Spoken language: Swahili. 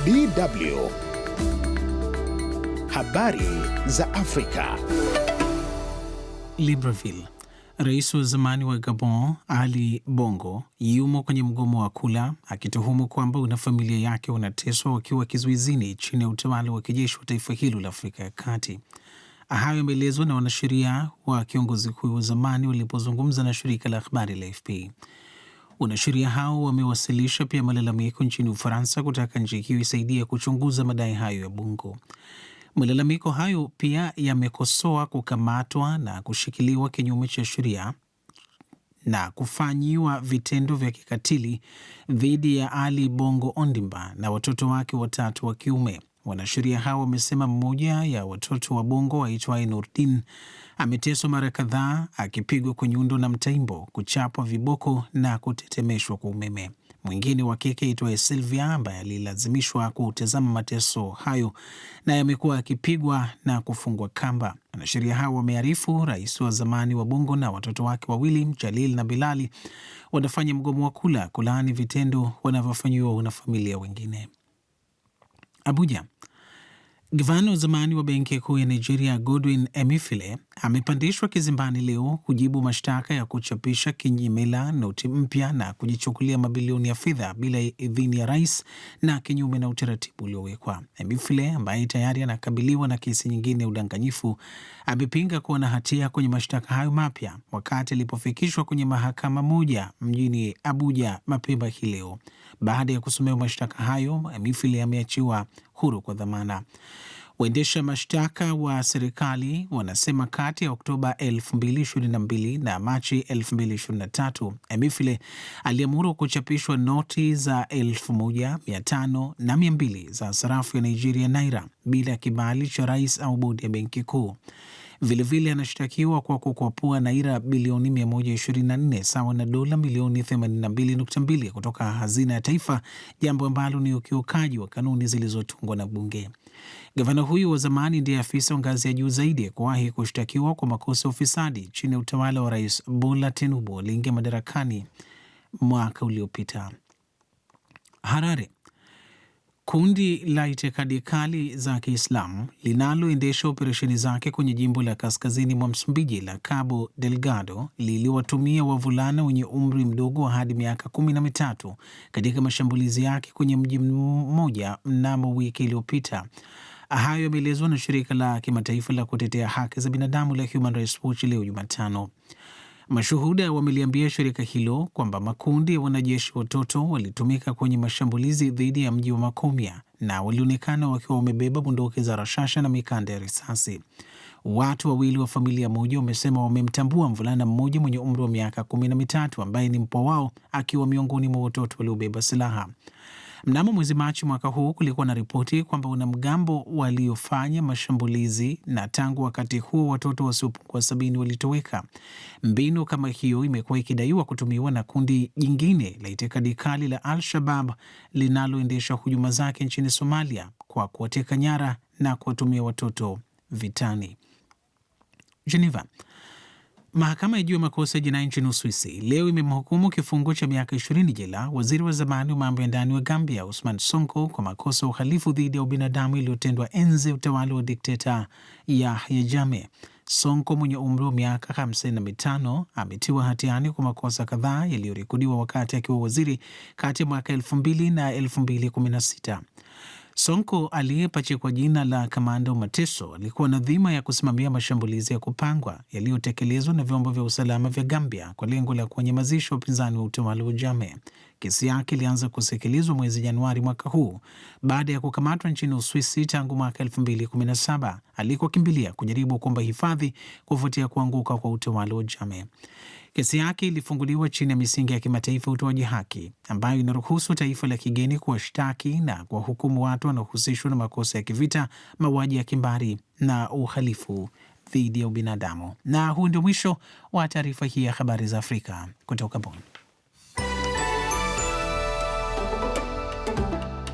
DW Habari za Afrika. Libreville. Rais wa zamani wa Gabon Ali Bongo yumo kwenye mgomo wa kula akituhumu kwamba una familia yake wanateswa wakiwa kizuizini chini ya utawala wa kijeshi wa taifa hilo la Afrika ya Kati. Hayo yameelezwa na wanasheria wa kiongozi huyo wa zamani walipozungumza na shirika la habari la AFP. Wanasheria hao wamewasilisha pia malalamiko nchini Ufaransa kutaka nchi hiyo isaidia kuchunguza madai hayo ya Bungo. Malalamiko hayo pia yamekosoa kukamatwa na kushikiliwa kinyume cha sheria na kufanyiwa vitendo vya kikatili dhidi ya Ali Bongo Ondimba na watoto wake watatu wa kiume. Wanasheria hao wamesema mmoja ya watoto wa Bongo aitwaye Nurdin ameteswa mara kadhaa akipigwa kwenye undo na mtaimbo, kuchapwa viboko na kutetemeshwa kwa umeme. Mwingine wa kike aitwaye Silvia ambaye alilazimishwa kutazama mateso hayo naye amekuwa akipigwa na kufungwa kamba. Wanasheria hao wamearifu rais wa zamani wa Bongo na watoto wake wawili Jalil na Bilali wanafanya mgomo wa kula kulaani vitendo wanavyofanyiwa wanafamilia wengine. a bude. Gavana wa zamani wa Benki Kuu ya Nigeria Godwin Emifile amepandishwa kizimbani leo kujibu mashtaka ya kuchapisha kinyemela noti mpya na kujichukulia mabilioni ya fedha bila idhini ya rais na kinyume na utaratibu uliowekwa. Emifile ambaye tayari anakabiliwa na kesi nyingine ya udanganyifu amepinga kuwa na hatia kwenye mashtaka hayo mapya wakati alipofikishwa kwenye mahakama moja mjini Abuja mapema hii leo. Baada ya kusomewa mashtaka hayo, Emifile ameachiwa huru kwa dhamana. Waendesha mashtaka wa serikali wanasema kati ya Oktoba 2022 na Machi 2023 Emifile aliamuru kuchapishwa noti za 1500 na 200 za sarafu ya Nigeria naira bila ya kibali cha rais au bodi ya benki kuu. Vilevile anashtakiwa kwa kukwapua naira bilioni 124 sawa na dola milioni 82.2 kutoka hazina ya taifa, jambo ambalo ni ukiukaji wa kanuni zilizotungwa na Bunge. Gavana huyu wa zamani ndiye afisa wa ngazi ya juu zaidi ya kuwahi kushtakiwa kwa makosa ya ufisadi chini ya utawala wa Rais Bola Tinubu aliingia madarakani mwaka uliopita. Harare Kundi la itikadi kali za Kiislamu linaloendesha operesheni zake kwenye jimbo la kaskazini mwa Msumbiji la Cabo Delgado liliwatumia wavulana wenye umri mdogo hadi miaka kumi na mitatu katika mashambulizi yake kwenye mji mmoja mnamo wiki iliyopita. Hayo yameelezwa na shirika la kimataifa la kutetea haki za binadamu la Human Rights Watch leo Jumatano. Mashuhuda wameliambia shirika hilo kwamba makundi ya wanajeshi watoto walitumika kwenye mashambulizi dhidi ya mji wa Makomia na walionekana wakiwa wamebeba bunduki za rashasha na mikanda ya risasi. Watu wawili wa familia moja wamesema wamemtambua mvulana mmoja mwenye umri wa miaka kumi na mitatu ambaye ni mpwa wao akiwa miongoni mwa watoto waliobeba silaha. Mnamo mwezi Machi mwaka huu kulikuwa na ripoti kwamba wanamgambo waliofanya mashambulizi, na tangu wakati huo watoto wasiopungua sabini walitoweka. Mbinu kama hiyo imekuwa ikidaiwa kutumiwa na kundi jingine la itikadi kali la Al-Shabab linaloendesha hujuma zake nchini Somalia kwa kuwateka nyara na kuwatumia watoto vitani. Geneva. Mahakama ya juu ya makosa ya jinai nchini Uswisi leo imemhukumu kifungo cha miaka 20 jela waziri wa zamani wa mambo ya ndani wa Gambia Usman Sonko kwa makosa ya uhalifu dhidi ya ubinadamu iliyotendwa enzi utawala wa dikteta Yahya Jammeh. Sonko mwenye umri wa miaka 55 ametiwa hatiani kwa makosa kadhaa yaliyorekodiwa wakati akiwa waziri kati ya mwaka 2000 na 2016. Sonko aliyepache kwa jina la Kamando Mateso alikuwa na dhima ya kusimamia mashambulizi ya kupangwa yaliyotekelezwa na vyombo vya usalama vya Gambia kwa lengo la kuwanyamazisha upinzani wa utawala wa ujame Kesi yake ilianza kusikilizwa mwezi Januari mwaka huu baada ya kukamatwa nchini Uswisi tangu mwaka e217 alikokimbilia kujaribu kuomba hifadhi kufuatia kuanguka kwa utawala wa jame Kesi yake ilifunguliwa chini ya misingi ya kimataifa ya utoaji haki ambayo inaruhusu taifa la kigeni kuwashtaki na kuwahukumu watu wanaohusishwa na makosa ya kivita, mauaji ya kimbari na uhalifu dhidi ya ubinadamu. Na huu ndio mwisho wa taarifa hii ya habari za Afrika kutoka Bonn.